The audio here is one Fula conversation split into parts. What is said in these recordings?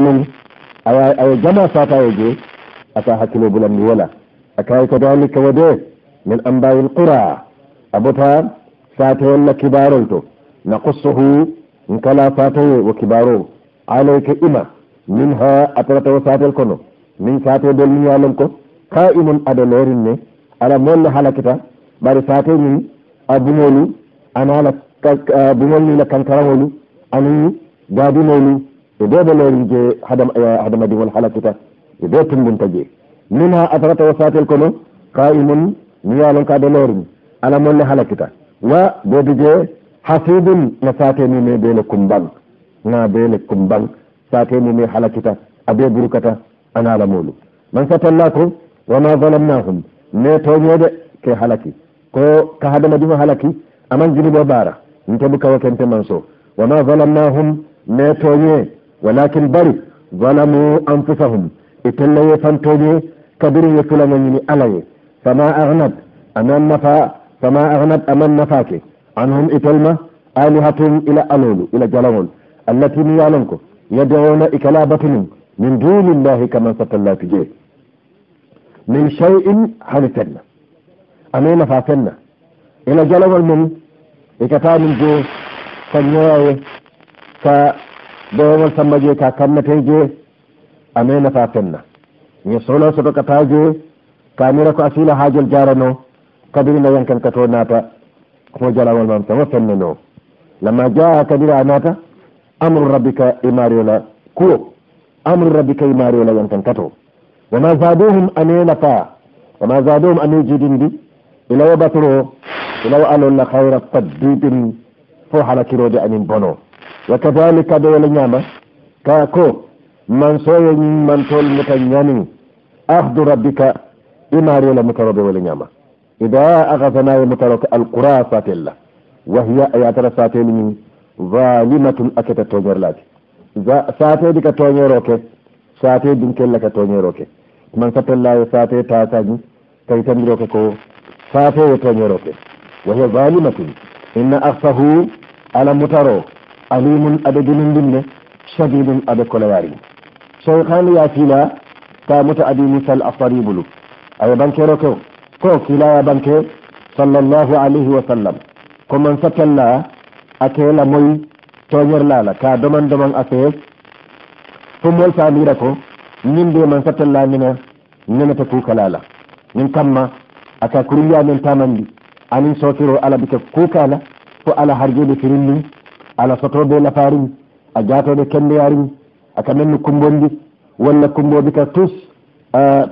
min awa awa jama fatayeje ata hakkilo bulandi wala akayi ko dani ka wode min ambayi l qura abota fatayolla kibarol to nakossohu nkala fataye wo kibaro alayke ima min ha atarata wo fatel kono min fatedol min yalom ko ka imon aɗa lorin ne ala molle halakita ɓare fate min a bumolu anala bumol ni la kankaramolu anani gadinolu e ɓeɓe lorinje hadama eh, hadamadi won halakita e ɓe tumdinta jeeri min ha asarata o satel kono ka imon miya lon kade lorin ala monne halakita wa beedi je hasidum no satemime bele kumbang na bele kumbang satemime halakita abe burkata ana ala molu man satalla ko wama zalamnahum ne toñede ke halaki ko ka hadamadimo halaki aman jiniɓe ɓaara mi teɓi kawa kente man so wama zalamnahum ne toñe ولكن بري ظلموا أنفسهم إتلي فانتوني كبري يكل مني فما أغنب أمام نفا فما أغنب أمام نفاك عنهم إتلما الهة إلى ألول إلى جلون التي نيالنكو يدعون إكلابتهم من دون الله كما ستلا تجيه من شيء حلتنا أمين فاتنا إلى جلو المن إكتاب الجو فنيوه dowol samba jeey ka kammete jee amena fa penna mi sohla sodokata jee kamira ko asila hajol jarano kadi ina yanken kato naata mo jalawol mam tama fenneno lama jaa kadira a naata amru rabbika imariola kuwo amru rabbika imariola yanken kato wama zaduhum amena fa wama zaduhum ami jidindi ilawa batoro ilawa alolla hayra taddibin fo halakirode amin bono wakadhalika ɓe wala ñaama ka ko mansoye ñimmantol muta ñamini ahdu rabbika imariola mutaro ɓe wala ñaama ida ahasanaye mutaro ko alqura satella wahiya a yatara sateli ñin valimatum aketa toñorlaade satedi ka toñero ke sate ɗum kella ka toñero ke man satellaye sate tasañi tawi tandiro ke ko satewo toñero ke wahiya valimatum inna ahsahu ala mutaro alimun aɗa ginindinne shadidum aɗa kolowari cheykhanu ya fila ta muta abi sal a asari bulu banke roko ko ko ya banke sallallahu alaihi wa sallam koman sattalla akela tonyar lala ka doman doman affaire fummol famira ko min de man sattalla mina nenata kukalala min kamma aka kuriya min tamandi anin sokiro ala bika la ko ala harjede firin ndin alaa sotode nafaari a jaatode kenndeyaari a kamenno kumbondi walla kumbondi ka tous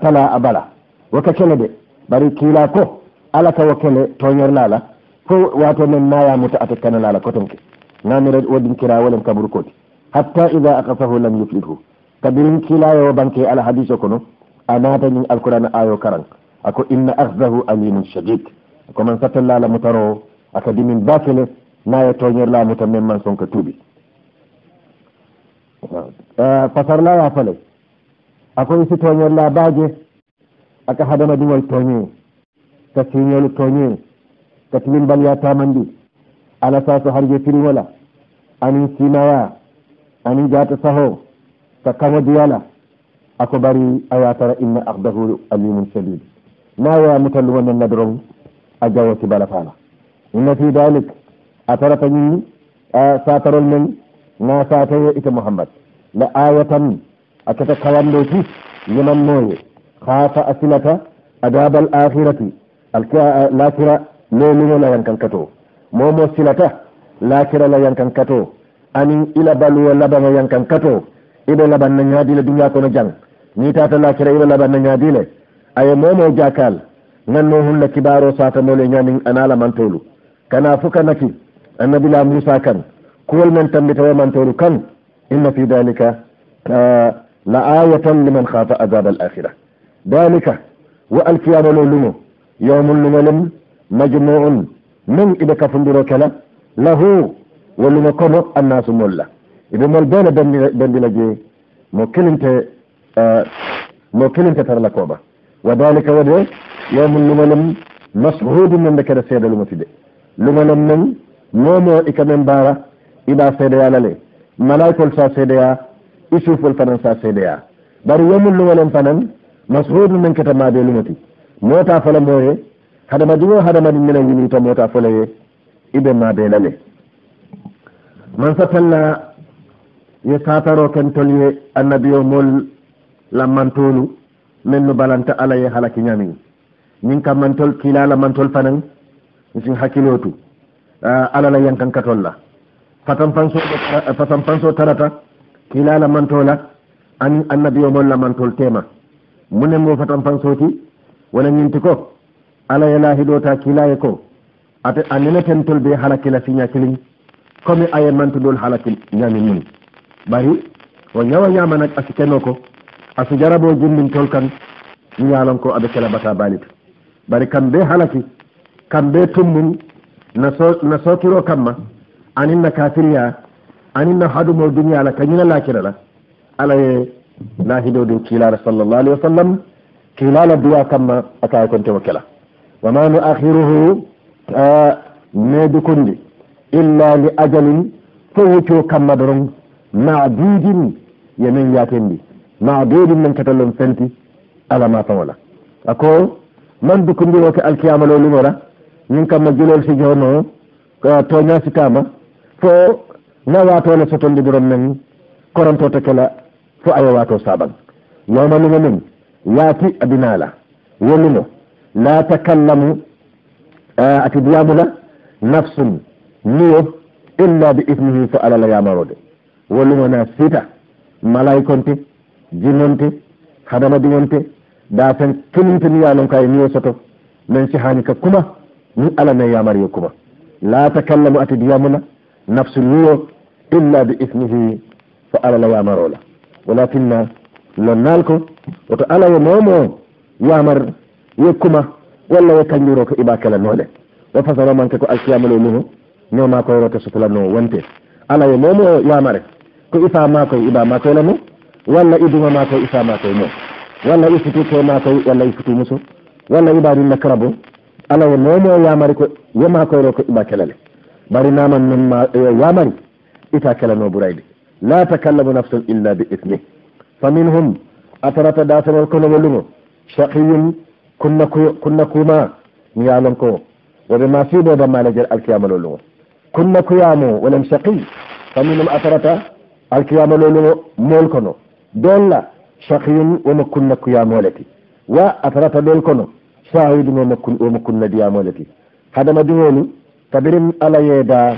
tala a bala woka kele de bari kiila ko ala ka wo kele toñor laala fo wato men nayamuta ate kana laala kotonke namira woddin kira walen kabru koti hatta ida akasahu lam yuflit hu kabirin kiilayowo banke ala hadis o kono a naatañin alqouran ayo karan ako inna ahzahu alimun shadid a commence atten laala mutaroo aka dimin bakele naye toñer laamu tan même man sonka tuuɓi pasarlawa eh, faley akoye si toñer laabaje aka hadama ɗumol toñe ka siñol toñe katimin mbal yatama ndi ala saso harje firiwola anin sinawa anin jata saho ka kamo diyala ako bari ayatara inna akdahu alimun shadide nawa mutalluma nenna doron a jawo si bala fala inna fi dalik a tarata ñin ni a satarol men na satayo ite mouhammad nde aya tan a keta kawande fi yimannoye hafa a silata adabal ahirati lakira lomino layankan kato momo silata lakira layankan kato ani ila baluwo labana yankan kato iɓe labanna ñaadile duya kono jang ni tata lakira iɓe labanna ñaadile aye momo jakal nganno hunla kibaro satamole ñamin analamantolu kana fukanaki annabi la musa kan kuwol men tambita womantoru kan inna fi dalika la ayatan liman khafa adab al akhirah dalika wo alkiyama lo lumo yawmul lumolem majmuun min iɓe kafodiro kela lahu wo lumo kono annasu molla iɓe mol bene dembila jee mo kilinte mo kilinte tarla koɓa wa dalika wode yawmul lumolem mashhudum men ɓe kede seeda lumo tiɗe lumolem men momo ika e men mbara iɗa cda lale malaikol sa cda isufol fanan sa cda bari yamullugolen fanan masrudu men keta mabelumati mota fole moye hadamadio hadamadi mina yinita mota foleye iɓe mabe lale man satalla ye sataro ken tolye annabio mol lammantolu min no balanta alaye halaki ñami min kam mantol kilala mantol fanan misin hakkilotu ala la yankankatol fatan fanso tarata kilala mantola an annabiyo mol la mantol tema munen mo fatan fanso ti wala nyinti ko ala yala hidota kila ye ko ate anene tentol be halakila sinya kilin komi aye mantudol halakil nyami mun bari o nyawa nyama nak asikeno ko asu jarabo jindin tol nyalon ko abe kala bata balit bari kambe halaki kambe tummun na sotiro kamma aninna kafiriya aninna hadumol duniya la kañina lakirala ala ye nahidodu kiilala sallllah alih wa sallam kiilala duwa kamma akaye kontemo kela wama nuahiruhu medukundi illa li ajalin fo wuccu kamma doron madudin ye min yatendi madudin min katallon fenti alama fawola ako man dukundiroke alkiyama lo lumora ñin kamma jolol si jono toña sitama fo nawatole sotondi ɓuron men korontoto kela fo ayowato saban yawmanuga min yaati abinala woluno la takallamu ati diyamula nafsum niyo illa bi ismihi fo alala yamarode wolumona sita malaykonte jinnonte hadama diŋonte da fen kininte niyalon kaye niyo soto min sihani ka kuma min ala nayi yamar yokkuma la takallamu ati diyamuna nafsu nuwo illa bi ismihi fo ala la yamarola walakinna lonnal ko woto ala yo momo yamar yokkuma walla yo kañiro ko iba kala noole wo façon romanke ko alkiyama lo luho newma ko yoroke sutulano wonte ala yo momo yamare ko ifa makoye iba makoye la mo walla iduma makoye ifa makoye mo walla ifutu ke makoye walla ifutu muso walla ibadi nakrabo alay nomo e yamari ko yema koyro ko iɓa kelale bari nama nonma e yamari ita kelano ɓurayde la takallamu nafsun illa bi ismi fa minhum atarata dasanol kono wollugo chakiyum kunnaku kunnakuma mi yalon ko woɓe ma fiɓo dammalejer alkiyama lollugo kunnakuyamo walam chaki fa minhum atarata alkiyama lollugo mol kono dolla chakiyum womo kunnakuyamoleti wa atarata dol kono fawidino makkul o makkul nadiyamolati hadama duwoni kabirin ala yeeda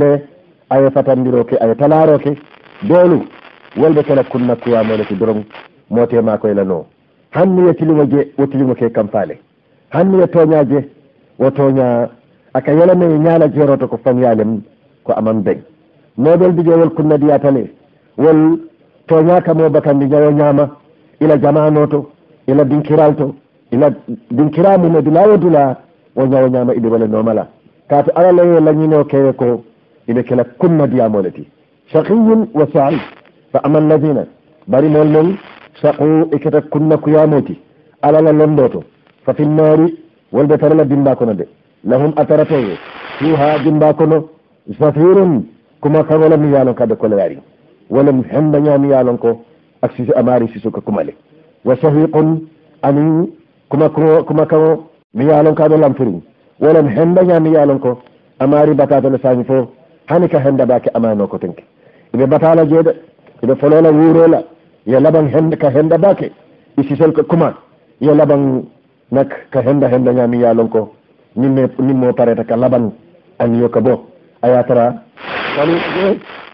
le aye fatandiroke aye talaroke doolu wolɓe kala kun nakkuyamolati doron moote mako elano hanni ye tilimo je o tilimo ke kamfaale hanni ye tooña je o tooña aka yalame ñaala jeeroto ko fanyalem ko aman beñ nobel dijo wol kun nadiyatale wol tooñaka mo bakandi ñawo ñaama ila jamanoto ila dinkiral to ila dinkira mu ne dula wo dula wo ñawo ñama idi wala nomala kaatu ala la la ñino kewe ko ibe kela kunna diyamoleti shaqiyun wa sa'id fa aman alladina bari mol mol shaqu ikata kunna kuyamoti ala la londoto fa fi nari wolde tarala dimba kono de lahum ataratoye fiha dimba kono zafirun kuma kagola mi yalon kade kolayari walam hemba ñami yalon ko ak sisi amari sisuka kumale wa sahiqun ani kuma kuma kamo mi yaalon ko aɗo lamfirum wolon hendaña mi yaalon ko amari batatone sañi fo hani ka henda baake amano ko tenke eɓe batala jeeɗa eɓe folola wuurola yo laban hende ka henda baake i sisel ko kuma yo laban nak ka henda hendaña mi yaalon ko nimme nimmo pareta ka laban aniyo ka bo a yatara bal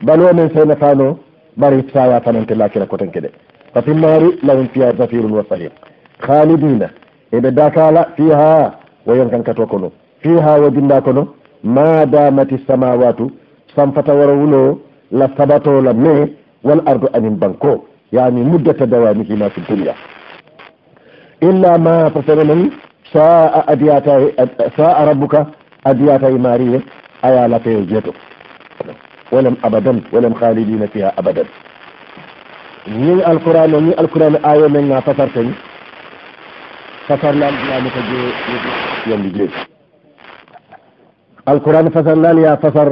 balo men seyna fano ɓari sawa fanante lakira ko tenke ɗe fa fi mari lawin fiya zafirun wa sahiq halidina eɓe dakala fi ha woyonkankato kono fi ha wo binda kono ma damati samawatu samfata woro wulo la sabatola mai wal ardo anin banko yani muddata dawani hima fi dunia illa ma profére men saa adiyata saa rabbuka adiyata e mariwe ayalateyo jeeto walem abadan walem halidina fiha abadan ni alqouran o ni alqouran ayo men ga fasarteni فترلان لا متجي القران فترلان يا فسر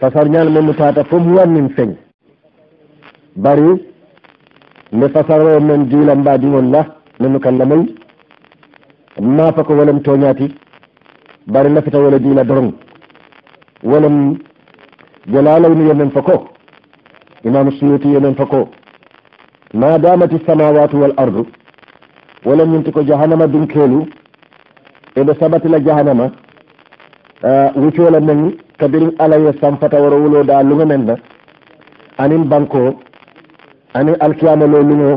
فسرنا نعم من متاتكم هو من فن بري نفسر من جيلا بعد الله من مكلمي ما فك ولم تونياتي بري نفت ولا جيلا درن ولم جلاله من فكو إمام السيوطي من فكو ما دامت السماوات والأرض wala ñinti ko jahanama dun keelu eɓe sabatila jahanama wucola men kabirin alaye sanfata woro wuloda luga men na anin banko anin alkiyama lo lugo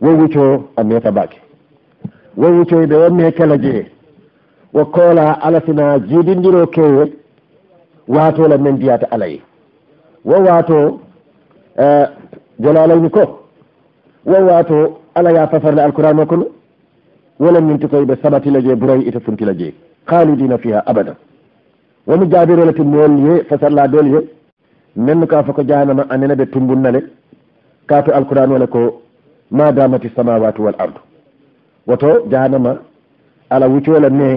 wo wuco a meta bake wo wucoyde wo me kela jee wo koola ala sina jiidindiro kewel waatola men ndiyata alaye wo waato jalalayni ko wo waato alaya fafarde alqouran makkono wolon min tito ɓe sabatila je boroy ita funtila jee khalidina fiha abadan womi jabirelati molye fasalla dolye nenno ka foko jahanama anena ɓe tumbunnale kaato alqouran wala ko ma damati samawatu wal ardu woto jahanama ala wuccola ne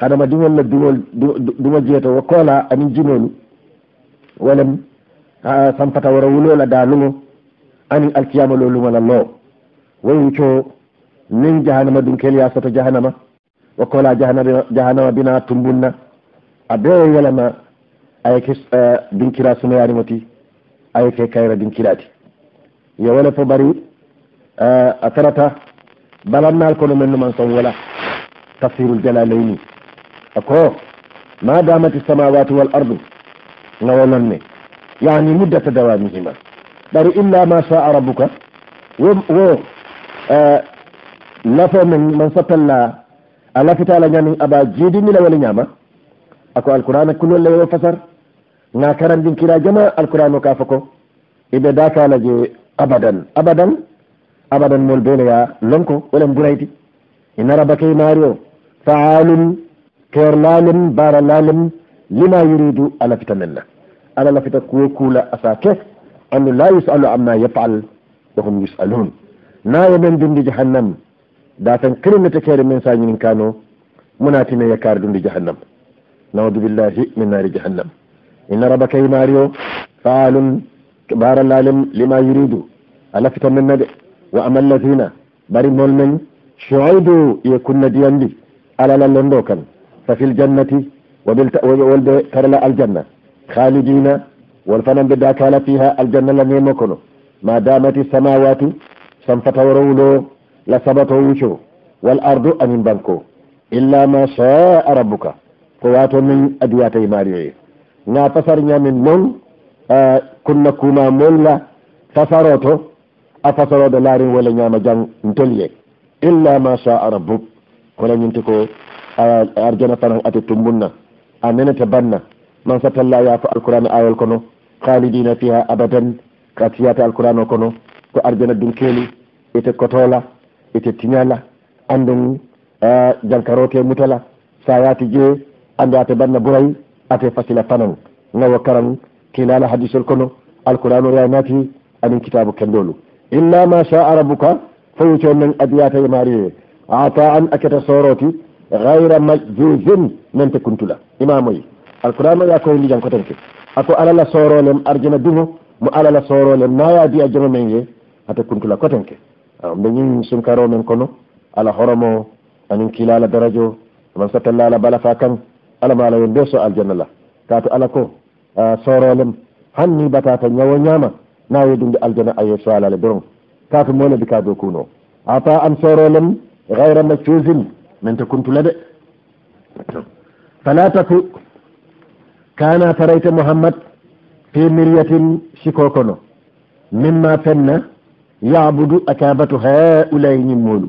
haɗama dumolle dumol duma jeeto wo koola amin jinolu walem sampata woro wulola da lungo anin alkiyama lo lumala loo woyinco min jahanama dum kelyasoto jahanama o kola jahanama bina tumbunna a ɓeye welama ayeke eh, dinkira sumayanimoti ayeke kayra dinkirati yo wele fo bari eh, a tarata balannal kono men numan son wala tafsirul jalalayni ako ma damati samawati wal ardu gawolonne yani muddata dawamihima ɓari illa ma sha'a rabbuka wo Eh, nafoo min man sappella a lafitaala ñamin aɓa jiidinila wala ñaama ako alqouran kullol lewe fasar nga karandinkira jama alqouran o ka fo ko iɓe dakalaje abadan abadan abadan mol beneya lonko walan buraydi inarabakey maari o faalum keer laalem baara laalem lima yuridu a lafita menna ala lafita kuwo kuula asa kees anu la yusalu amma yafal wahum yusalun na ye men dundi jahannam datan kirinata kere men sañinin kano munatine yakar dundi jahannam naudu billahi min nari jahannam inna rabaka imario faalun barallalim lima yuridu ala fita men nade wa ama allazina bari mol men shoaydu ye kunna diyandi alalallen ɗo kan fa fil jannati wolɓe karala aljanna khalidina wol fanan ɓe dakala fiha aljanna lanemo kono ma damati samawatu sampatawrowulo la sabato wuco wal ardo amin banko illa ma sha rabuka ko wato min adiyata e mariyo e ga pasar ñamin noon kunna kuma molla fasaroto a fasaroɗo laarin walla ñama jang ntolye illa ma sha rabuk kono ñinti ko arjana fanan ate tumbunna a nenete banna man satalla yaafo alqurane ayol kono khalidina fiha abadan ka siyate alqurane o kono ko arjana dun keeli ite kotola ite tiñala andon jankarote mutala sa yaati jee ande ate banna ɓuray ate fasila tanan gawa karan kinala hadisul kono alquranu reyanati anin kitabu kendolu inna ma sha'a rabbuka fa nan adiyata e maariye ata an akata soroti ghayra majjuzin nante kuntula imamai alquranu ya koyndi jankotenke ako alala sorolem arjina dumo mu alala sorolem nayadi a jama men ye ate kuntula kotenke Ah, mbeñin sunkaro men kono ala horomo anin kila ala daradio man sattalla ala bala fa kan ala ma ala yo beso aljanna la tawto ala ko ah, sorolem hanni batata ñawo ñama nawe dumde aljanna aye soalale doron tawto molebi ka do kuno ata an sorolem gayra maccusin min te kuntula de fala taku kana tarayte mouhammad fi miryatin siko kono mimma fenna yabudu a ka batu he ulay ñimmolu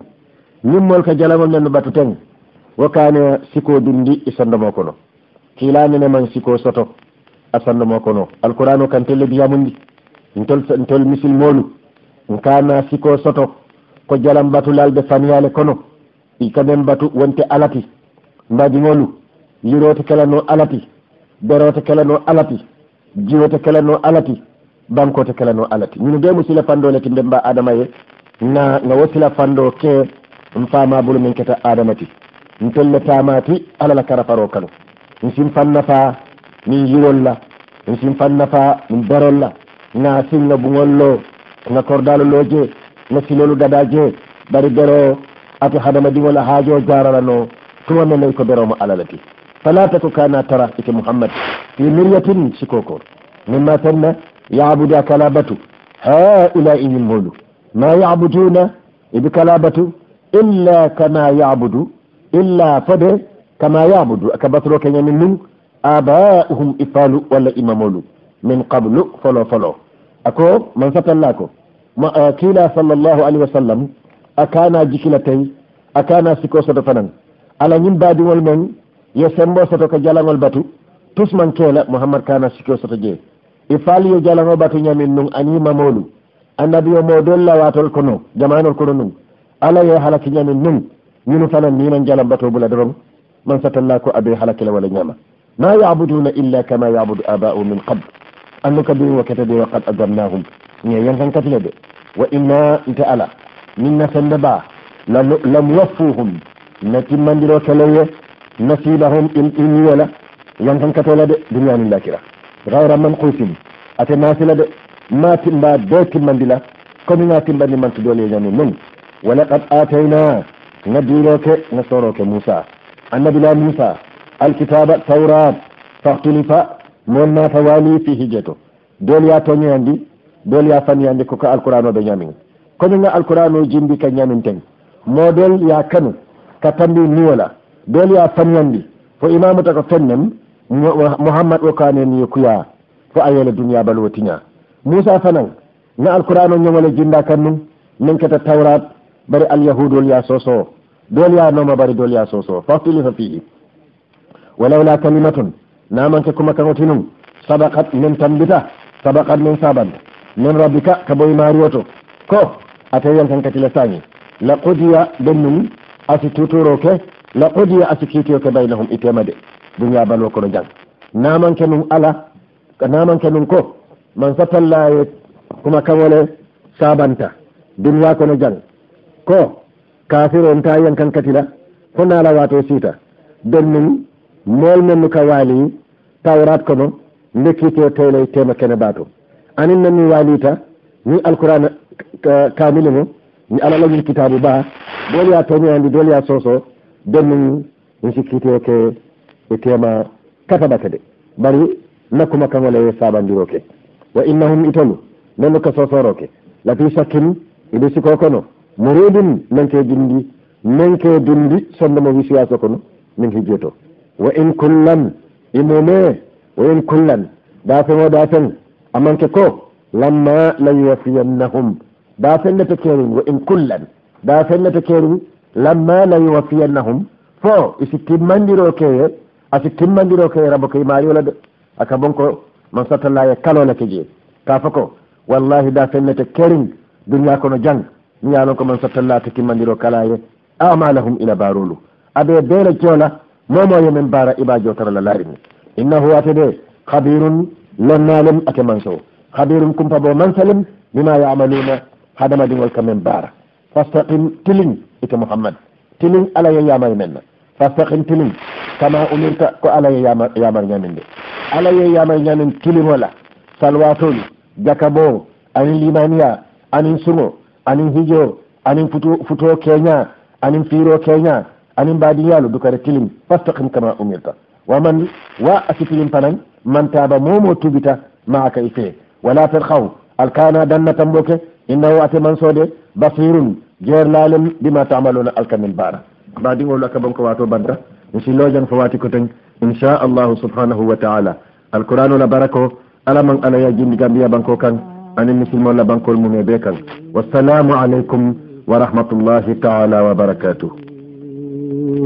ñimmol ka jalamol nen no batu teng wokane siko dindi i sandomo kono kiilanene man siko soto a sandomo kono alqouran o kan telle biyamundi ntol ntol misilmolu nkana siko soto ko jalam batu lalɓe faniyale kono i kanen batu wonte alati mbadiŋolu yirote kelano alati berote kelano alati jiwote kelano alati bankote kala no alati min nde mo sila fando leti ndemba adama ye na na wo sila fando ke n famabolo min keta adama ti n telle tamati alala karafaro kano n sin fanna fa min yirolla n sin fanna fa min berolla na sin no bugollo na kordalo loje na silolu dadaje bari bero ato hadama ɗigol a haajo jarala no tuma me nayi ko beromo alala ti fala ta ko kana tara ike mouhammad ti miryatin sikokor min ma senna yabudu a kalabatu haulai ñimmolu ma yabuduna eɓe kalabatu illa kama yabudu illa fode kama yabudu aka batro keñamin nun abauhum ifalu walla imamolu min qablu folo folo ako man satallako kiila sall llahu alihi wa sallam akana jikila tey akana siko soto fanan ala ñim baadiŋol men yo sembo soto ko jalaŋol batu tusman keela mouhamad kana siko soto jee ifaliyo jalango batu ñamin nun anima molu annabiyo mo dolla watol kono jamanol kono nun ala ye halaki ñamin nun ñunu fanan ninan jalan bato bula doron man satalla ko abe halakila wala nyama ma yabuduna illa kama yabudu aba'u min qabl annu kabir wa katabi wa qad adamnahum ñe yankan katile de wa inna nte ala minna fende ba lam waffuhum na timmandiro keleye nasibahum in iñiwela yankan katela de duniyanin lakira gawra mankusin ate nasila de ma timba be timmandila komi ga timbandi mantu dole ñami non walaqad atayna ga duroke soroke alkitaba tawrat fahtulifa non nata wali fihi jeeto dole ya toñoyandi dole ya komi alqurano jimbi ka ñaminten modol ya kanu ka tambi dole ya fo imamata ko mouhammad o kane ni kuya fo a yele duniat balwo tiña moussa fanan na alqouran o ñogole jinda kan num min keta tawrat bari alyahud wol ya soso dool ya noma bari dool ya soso faftilifa fihi walawla kalimatun namanke kuma kan oti num sabakat min tambita sabakat min saban min rabbika ka boy maariyoto ko ata yel tan kati lesañi la qudiya ɓennum asi tuturoke la qudiya asi kiitoyoke baynahum itema de duniya bano kono jang namanke min ala ko namanke min ko man satallaye kuma kamole sabanta duniya kono jang ko kafiro on tayiyan kan katila fo nala wato siita donnin mol men nu ka waali tawrat kono ndekkite teley tema kene baato anin nan mi waalita ni alqouran kamile mo mi alalañin kitabu ba doliya toñoyandi doliya soso donnin mi sikkitoke e tema kafaɓata de bari nakkuma kangole e sabandiroke wa innahum itonu nonno ka sosoroke lafi sakkin iɗo siko kono mo reedin nanke dindi nanke dindi sondemo wisiyaso kono min hijjeto wa in kullan imome wa in kullan dafeng o dafeng amanke ko lamma layuwaffiyannahum dafen nete kerin wa in kullan dafen nete kerin lamma layuwaffiyannahum fo isi timmandiro keye asi timmandiro koye rabo koye maariola de aka bonko man sattalaye kalole ke jeeyi ka fo ko wallahi da fennete kering duniya kono jang miya non ko man sattalla to kimmandiro kalaye amalahum ina barolu aɓe beele coola momoyo men mbara ibajo tarala laarini innahu atede habirum lonnalem ake manso habirum kumpa bo mansalem mima yamaluna hadamadingol kamen mbara fastaqim tiling ite mouhammad tiling alayo yamay menna fa fahim tinum kama umirta ko alah ye yama yamar ñanin de alah ye yamar ñanin kilimo la salwatol jakaboo anin limaniya anin sumo anin hijo anin futoo keña anin fiiro keña anin mbadiyalu dukare kilim fa fahim kama umirta waman wa asitilim panan mantaba momo tubita maaka i fee wala firhaw alkana dannatamboke innahu ate mansode basirum jeer laalem bima tamaluna alkamin baara بعد يقول لك بنكو واتو بندا لو جن فواتي كتن إن شاء الله سبحانه وتعالى القرآن لبركو ألا من أنا يا جين بيا بنكو كان أنا مسلم ولا بنكو المميبيكا والسلام عليكم ورحمة الله تعالى وبركاته